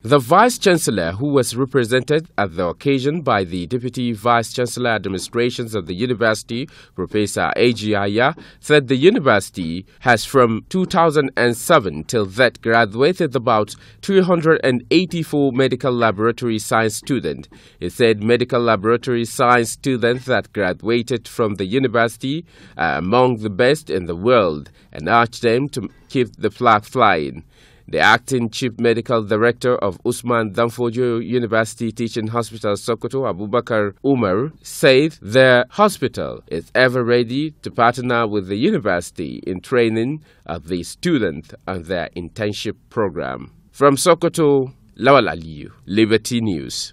The Vice Chancellor, who was represented at the occasion by the Deputy Vice Chancellor Administrations of the University, Professor Ajiaya, said the university has from 2007 till that graduated about 384 medical laboratory science students. He said medical laboratory science students that graduated from the university are among the best in the world and urged them to keep the flag flying. The acting chief medical director of Usman Danfodio University Teaching Hospital Sokoto, Abubakar Umar, said the hospital is ever ready to partner with the university in training of the students and their internship program. From Sokoto, Lawal Aliyu, Liberty News.